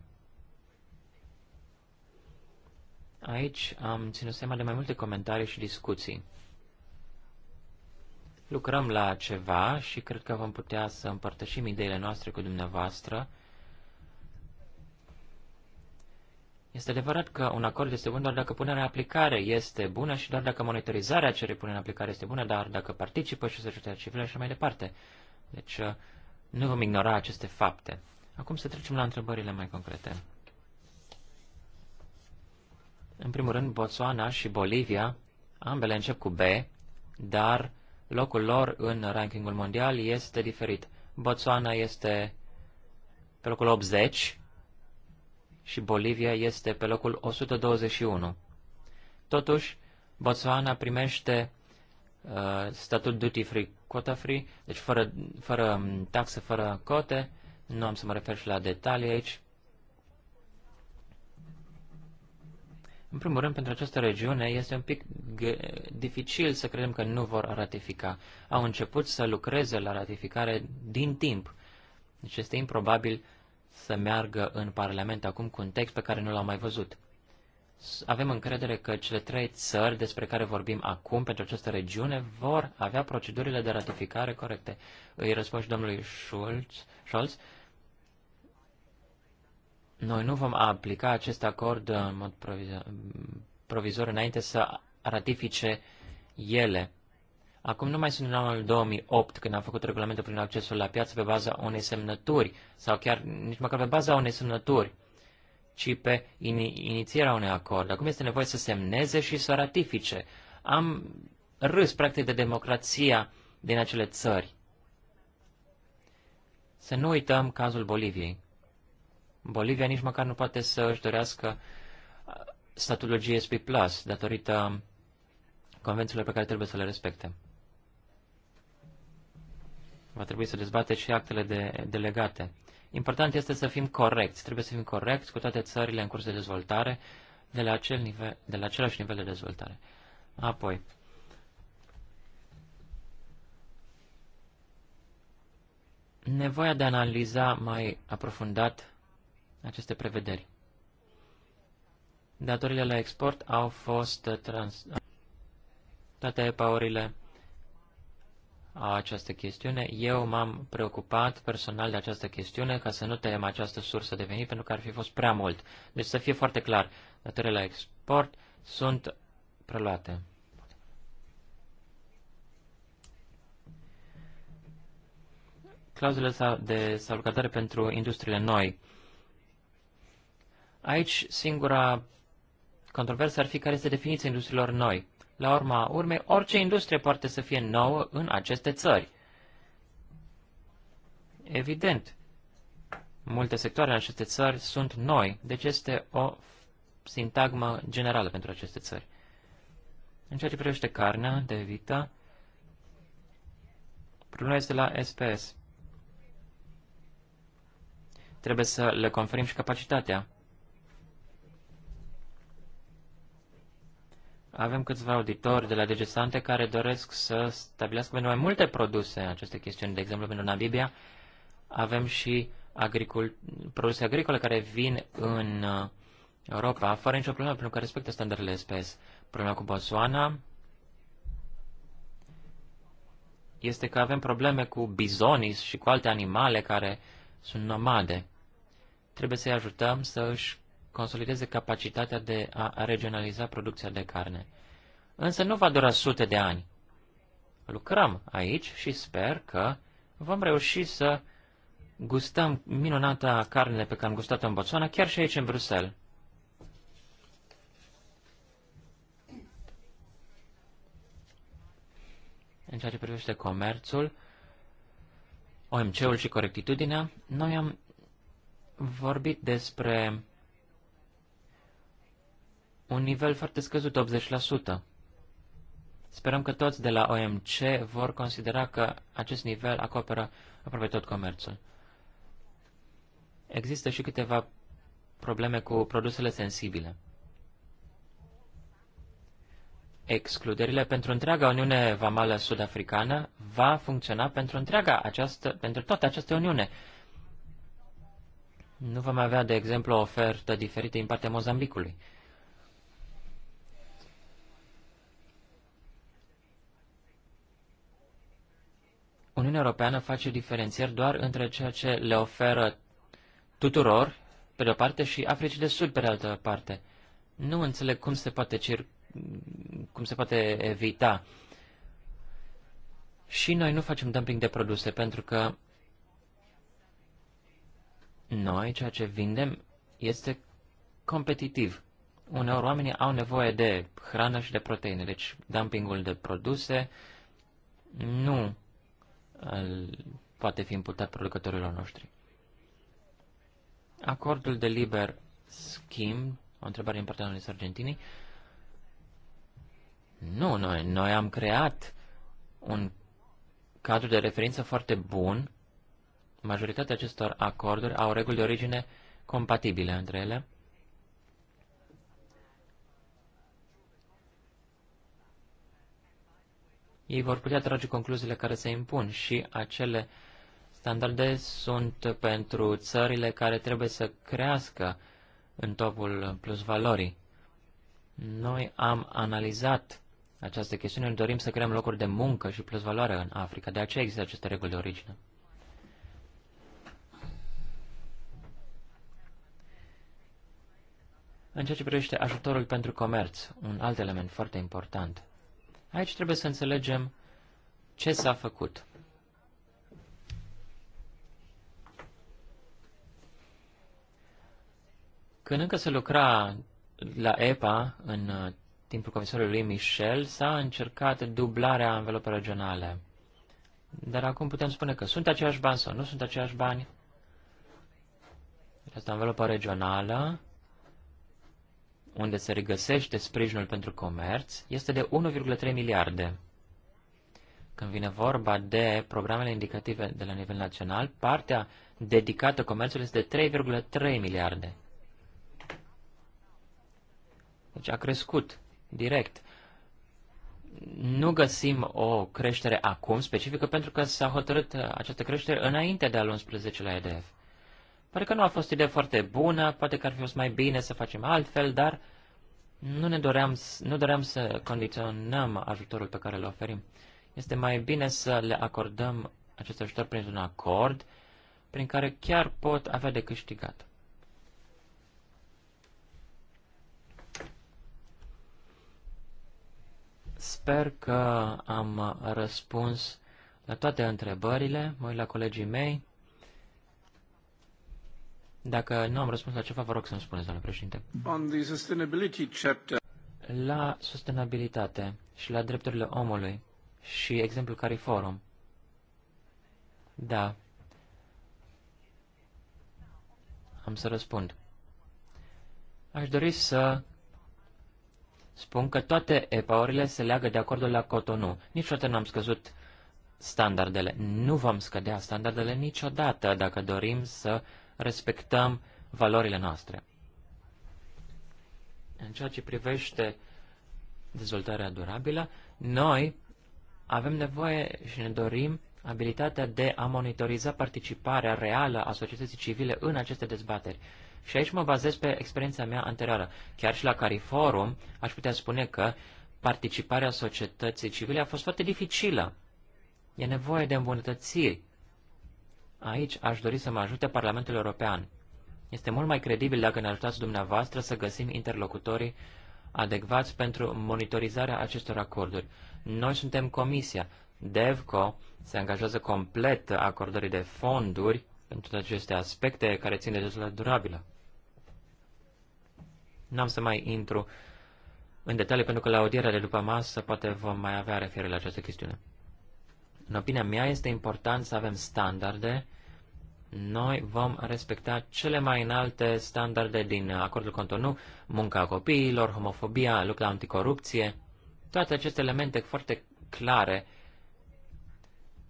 Aici am ținut seama de mai multe comentarii și discuții lucrăm la ceva și cred că vom putea să împărtășim ideile noastre cu dumneavoastră. Este adevărat că un acord este bun doar dacă punerea în aplicare este bună și doar dacă monitorizarea acelei punere în aplicare este bună, dar dacă participă și societatea civilă și mai departe. Deci uh, nu vom ignora aceste fapte. Acum să trecem la întrebările mai concrete. În primul rând, Botswana și Bolivia, ambele încep cu B, dar locul lor în rankingul mondial este diferit. Botswana este pe locul 80 și Bolivia este pe locul 121. Totuși, Botswana primește uh, statut duty-free, quota-free, deci fără, fără um, taxe, fără cote. Nu am să mă refer și la detalii aici. În primul rând, pentru această regiune este un pic dificil să credem că nu vor ratifica. Au început să lucreze la ratificare din timp. Deci este improbabil să meargă în Parlament acum cu un text pe care nu l-au mai văzut. Avem încredere că cele trei țări despre care vorbim acum pentru această regiune vor avea procedurile de ratificare corecte. Îi răspund și domnului Schulz, Scholz noi nu vom aplica acest acord uh, în mod provizor înainte să ratifice ele. Acum nu mai sunt în anul 2008, când am făcut regulamentul prin accesul la piață pe baza unei semnături, sau chiar nici măcar pe baza unei semnături, ci pe in, inițierea unui acord. Acum este nevoie să semneze și să ratifice. Am râs, practic, de democrația din acele țări. Să nu uităm cazul Boliviei. Bolivia nici măcar nu poate să își dorească uh, statul GSP Plus datorită convențiilor pe care trebuie să le respecte. Va trebui să dezbate și actele de, delegate. Important este să fim corecți. Trebuie să fim corecți cu toate țările în curs de dezvoltare de la, acel nivel, de la același nivel de dezvoltare. Apoi, nevoia de a analiza mai aprofundat aceste prevederi. Datorile la export au fost trans... Toate paurile au această chestiune. Eu m-am preocupat personal de această chestiune ca să nu tăiem această sursă de venit pentru că ar fi fost prea mult. Deci să fie foarte clar, datorile la export sunt preluate. Clauzele de salvgardare pentru industriile noi. Aici singura controversă ar fi care este definiția industriilor noi. La urma urmei, orice industrie poate să fie nouă în aceste țări. Evident, multe sectoare în aceste țări sunt noi, deci este o sintagmă generală pentru aceste țări. În ceea ce privește carnea de vită, problema este la SPS. Trebuie să le conferim și capacitatea. Avem câțiva auditori de la Degesante care doresc să stabilească pentru mai multe produse aceste chestiuni. De exemplu, pentru Namibia avem și agricul, produse agricole care vin în uh, Europa fără nicio problemă, pentru că respectă standardele SPS. Problema cu Botswana este că avem probleme cu bizonii și cu alte animale care sunt nomade. Trebuie să-i ajutăm să își consolideze capacitatea de a regionaliza producția de carne. Însă nu va dura sute de ani. Lucrăm aici și sper că vom reuși să gustăm minunata carne pe care am gustat-o în Botswana, chiar și aici în Bruxelles. În ceea ce privește comerțul, OMC-ul și corectitudinea, noi am vorbit despre un nivel foarte scăzut, 80%. Sperăm că toți de la OMC vor considera că acest nivel acoperă aproape tot comerțul. Există și câteva probleme cu produsele sensibile. Excluderile pentru întreaga Uniune Vamală Sud-Africană va funcționa pentru, întreaga această, pentru toată această Uniune. Nu vom avea, de exemplu, o ofertă diferită din partea Mozambicului. Uniunea Europeană face diferențieri doar între ceea ce le oferă tuturor, pe de-o parte, și Africii de Sud, pe de altă parte. Nu înțeleg cum se poate, cir- cum se poate evita. Și noi nu facem dumping de produse, pentru că noi ceea ce vindem este competitiv. Uneori oamenii au nevoie de hrană și de proteine, deci dumpingul de produse nu poate fi imputat producătorilor noștri. Acordul de liber schimb, o întrebare importantă în Argentinii. Nu, noi, noi am creat un cadru de referință foarte bun. Majoritatea acestor acorduri au reguli de origine compatibile între ele. ei vor putea trage concluziile care se impun și acele standarde sunt pentru țările care trebuie să crească în topul plus valorii. Noi am analizat această chestiune, dorim să creăm locuri de muncă și plus valoare în Africa, de aceea există aceste reguli de origine. În ceea ce privește ajutorul pentru comerț, un alt element foarte important. Aici trebuie să înțelegem ce s-a făcut. Când încă se lucra la EPA, în uh, timpul comisarului Michel, s-a încercat dublarea anvelopei regionale. Dar acum putem spune că sunt aceiași bani sau nu sunt aceiași bani. Asta învelopă regională unde se regăsește sprijinul pentru comerț, este de 1,3 miliarde. Când vine vorba de programele indicative de la nivel național, partea dedicată comerțului este de 3,3 miliarde. Deci a crescut direct. Nu găsim o creștere acum specifică pentru că s-a hotărât uh, această creștere înainte de al 11-lea EDF pare că nu a fost o idee foarte bună, poate că ar fi fost mai bine să facem altfel, dar nu ne doream, nu doream să condiționăm ajutorul pe care îl oferim. Este mai bine să le acordăm acest ajutor printr-un acord prin care chiar pot avea de câștigat. Sper că am răspuns la toate întrebările. Mă uit la colegii mei. Dacă nu am răspuns la ceva, vă rog să-mi spuneți, doamnă președinte. On the sustainability chapter. La sustenabilitate și la drepturile omului și exemplul forum. Da. Am să răspund. Aș dori să spun că toate epaurile se leagă de acordul la Cotonou. Niciodată n-am scăzut standardele. Nu vom scădea standardele niciodată dacă dorim să respectăm valorile noastre. În ceea ce privește dezvoltarea durabilă, noi avem nevoie și ne dorim abilitatea de a monitoriza participarea reală a societății civile în aceste dezbateri. Și aici mă bazez pe experiența mea anterioară. Chiar și la Cariforum aș putea spune că participarea societății civile a fost foarte dificilă. E nevoie de îmbunătățiri Aici aș dori să mă ajute Parlamentul European. Este mult mai credibil dacă ne ajutați dumneavoastră să găsim interlocutorii adecvați pentru monitorizarea acestor acorduri. Noi suntem comisia. DEVCO se angajează complet acordării de fonduri pentru aceste aspecte care țin de dezvoltarea durabilă. N-am să mai intru în detalii pentru că la audierea de după masă poate vom mai avea referire la această chestiune. În opinia mea, este important să avem standarde. Noi vom respecta cele mai înalte standarde din acordul Cotonou, munca copiilor, homofobia, lupta anticorupție, toate aceste elemente foarte clare.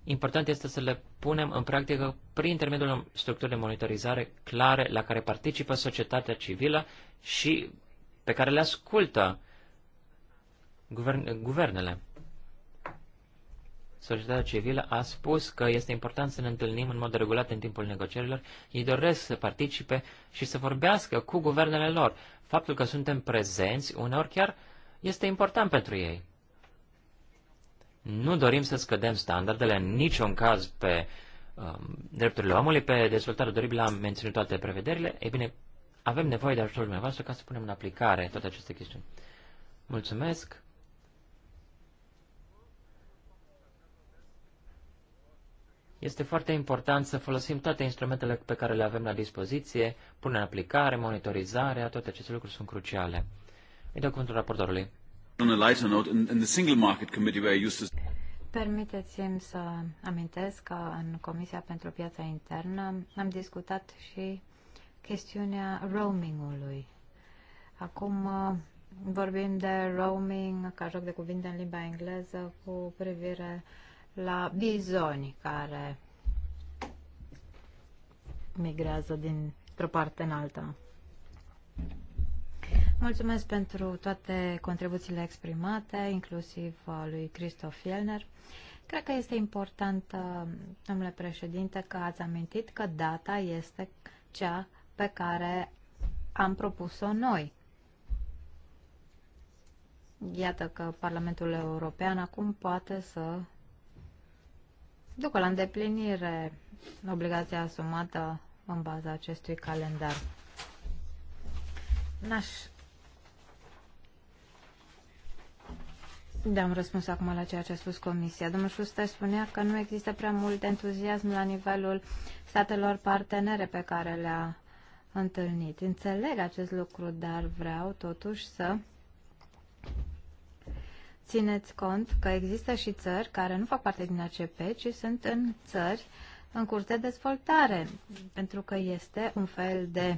Important este să le punem în practică prin intermediul structurii de monitorizare clare la care participă societatea civilă și pe care le ascultă guvern, guvernele societatea civilă a spus că este important să ne întâlnim în mod regulat în timpul negocierilor. Ei doresc să participe și să vorbească cu guvernele lor. Faptul că suntem prezenți uneori chiar este important pentru ei. Nu dorim să scădem standardele în niciun caz pe um, drepturile omului, pe dezvoltare dorim am menținut toate prevederile. Ei bine, avem nevoie de ajutorul dumneavoastră ca să punem în aplicare toate aceste chestiuni. Mulțumesc! Este foarte important să folosim toate instrumentele pe care le avem la dispoziție, punerea în aplicare, monitorizarea, toate aceste lucruri sunt cruciale. Îi dau cuvântul raportorului. Permiteți-mi să amintesc că în Comisia pentru Piața Internă am discutat și chestiunea roamingului. Acum uh, vorbim de roaming ca joc de cuvinte în limba engleză cu privire uh, la bizoni care migrează dintr-o parte în alta. Mulțumesc pentru toate contribuțiile exprimate, inclusiv a uh, lui Christoph Fielner. Cred că este important, uh, domnule președinte, că ați amintit că data este cea pe care am propus-o noi. Iată că Parlamentul European acum poate să ducă la îndeplinire obligația asumată în baza acestui calendar. N-aș Da, am răspuns acum la ceea ce a spus Comisia. Domnul Schuster spunea că nu există prea mult entuziasm la nivelul statelor partenere pe care le-a întâlnit. Înțeleg acest lucru, dar vreau totuși să țineți cont că există și țări care nu fac parte din ACP, ci sunt în țări în curs de dezvoltare, pentru că este un fel de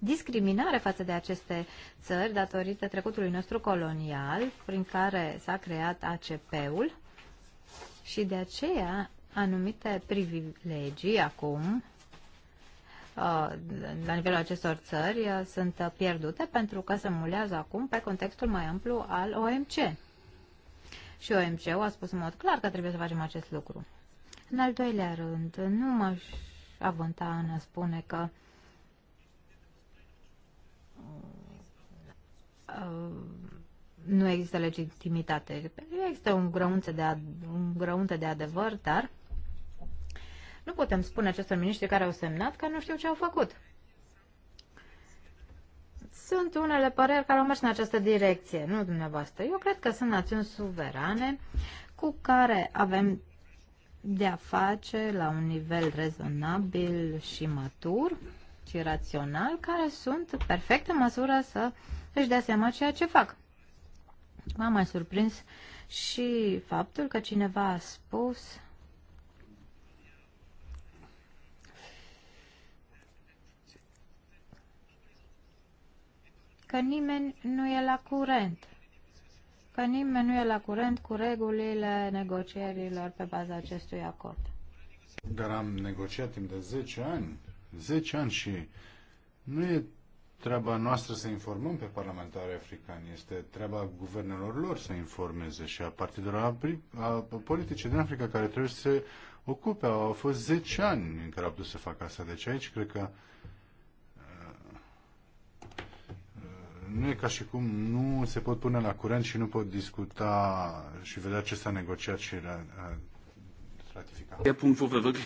discriminare față de aceste țări datorită trecutului nostru colonial, prin care s-a creat ACP-ul și de aceea anumite privilegii acum Uh, la nivelul acestor țări uh, sunt uh, pierdute pentru că se mulează acum pe contextul mai amplu al OMC. Și OMC-ul a spus în mod clar că trebuie să facem acest lucru. În al doilea rând, nu m-aș avânta în a spune că nu există legitimitate. Există un grăunte de, ad- un grăunte de adevăr, dar nu putem spune acestor miniștri care au semnat că nu știu ce au făcut. Sunt unele păreri care au mers în această direcție, nu dumneavoastră. Eu cred că sunt națiuni suverane cu care avem de a face la un nivel rezonabil și matur și rațional, care sunt perfect în măsură să își dea seama ceea ce fac. M-a mai surprins și faptul că cineva a spus că nimeni nu e la curent, că nimeni nu e la curent cu regulile negocierilor pe baza acestui acord. Dar am negociat timp de 10 ani, 10 ani și nu e treaba noastră să informăm pe parlamentarii africani, este treaba guvernelor lor să informeze și a partidelor a politice din Africa care trebuie să se ocupe. Au fost 10 ani în care au putut să facă asta. Deci aici cred că nu e ca și cum nu se pot pune la curent și nu pot discuta și vedea ce s-a negociat și ratifica.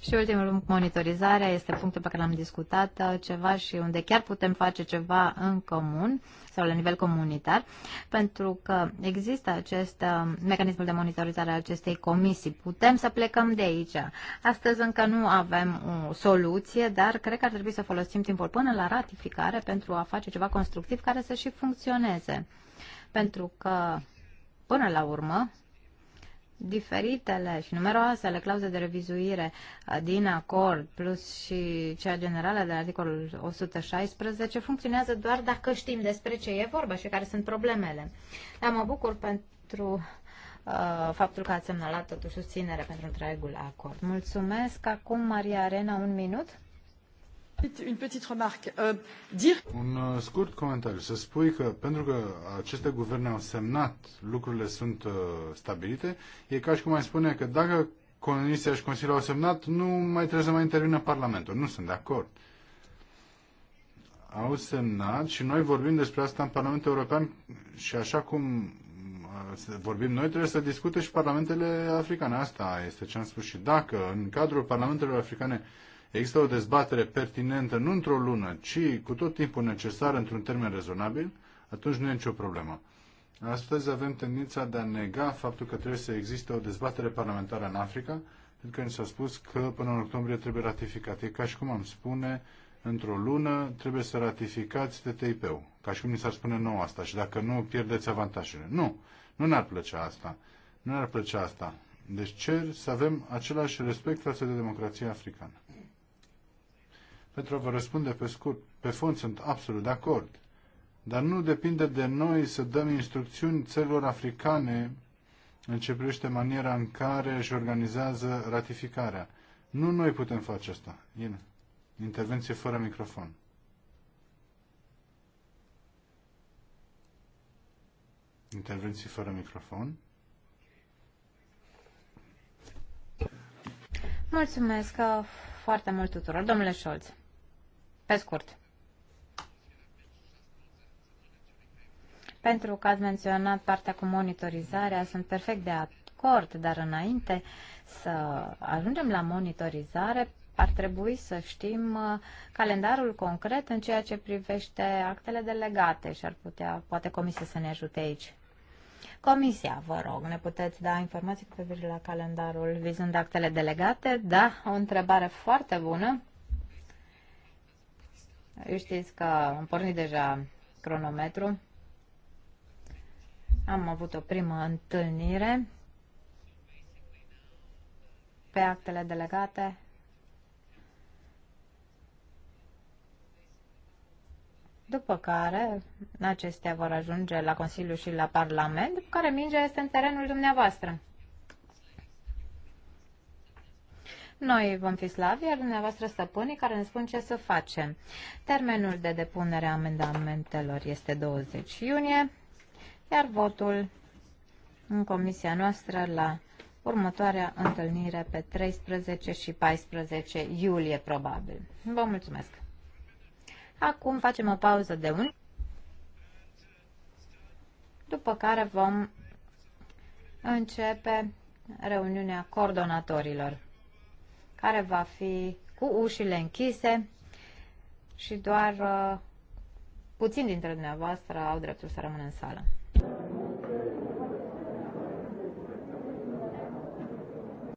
Și ultimul punct, monitorizarea, este punctul pe care l-am discutat uh, ceva și unde chiar putem face ceva în comun sau la nivel comunitar, pentru că există acest uh, mecanism de monitorizare al acestei comisii. Putem să plecăm de aici. Astăzi încă nu avem o soluție, dar cred că ar trebui să folosim timpul până la ratificare pentru a face ceva constructiv care să și funcționeze. Pentru că, până la urmă, diferitele și numeroasele clauze de revizuire uh, din acord, plus și cea generală de articolul 116, funcționează doar dacă știm despre ce e vorba și care sunt problemele. Dar mă bucur pentru uh, faptul că ați semnalat totuși susținere pentru întregul acord. Mulțumesc. Acum, Maria Arena, un minut. Euh, Un uh, scurt comentariu. Să spui că pentru că aceste guverne au semnat, lucrurile sunt uh, stabilite, e ca și cum ai spune că dacă Comisia și Consiliul au semnat, nu mai trebuie să mai intervină Parlamentul. Nu sunt de acord. Au semnat și noi vorbim despre asta în Parlamentul European și așa cum uh, vorbim noi, trebuie să discute și parlamentele africane. Asta este ce am spus și dacă în cadrul parlamentelor africane există o dezbatere pertinentă nu într-o lună, ci cu tot timpul necesar într-un termen rezonabil, atunci nu e nicio problemă. Astăzi avem tendința de a nega faptul că trebuie să existe o dezbatere parlamentară în Africa, pentru că ni s-a spus că până în octombrie trebuie ratificat. E ca și cum am spune, într-o lună trebuie să ratificați TTIP-ul. Ca și cum ni s-ar spune nouă asta și dacă nu, pierdeți avantajele. Nu, nu ne-ar plăcea asta. Nu ne-ar plăcea asta. Deci cer să avem același respect față de democrația africană. Pentru a vă răspunde pe scurt, pe fond sunt absolut de acord. Dar nu depinde de noi să dăm instrucțiuni țărilor africane în ce privește maniera în care își organizează ratificarea. Nu noi putem face asta. Ine. Intervenție fără microfon. Intervenții fără microfon. Mulțumesc uh, foarte mult tuturor. Domnule Scholz. Pe scurt. Pentru că ați menționat partea cu monitorizarea, sunt perfect de acord, dar înainte să ajungem la monitorizare, ar trebui să știm uh, calendarul concret în ceea ce privește actele delegate și ar putea, poate comisia să ne ajute aici. Comisia, vă rog, ne puteți da informații cu privire la calendarul vizând actele delegate? Da, o întrebare foarte bună. Știți că am pornit deja cronometru. Am avut o primă întâlnire pe actele delegate. După care, acestea vor ajunge la Consiliu și la Parlament, după care mingea este în terenul dumneavoastră. Noi vom fi slavi, iar dumneavoastră stăpânii care ne spun ce să facem. Termenul de depunere a amendamentelor este 20 iunie, iar votul în comisia noastră la următoarea întâlnire pe 13 și 14 iulie, probabil. Vă mulțumesc! Acum facem o pauză de un după care vom începe reuniunea coordonatorilor care va fi cu ușile închise și doar uh, puțin dintre dumneavoastră au dreptul să rămână în sală.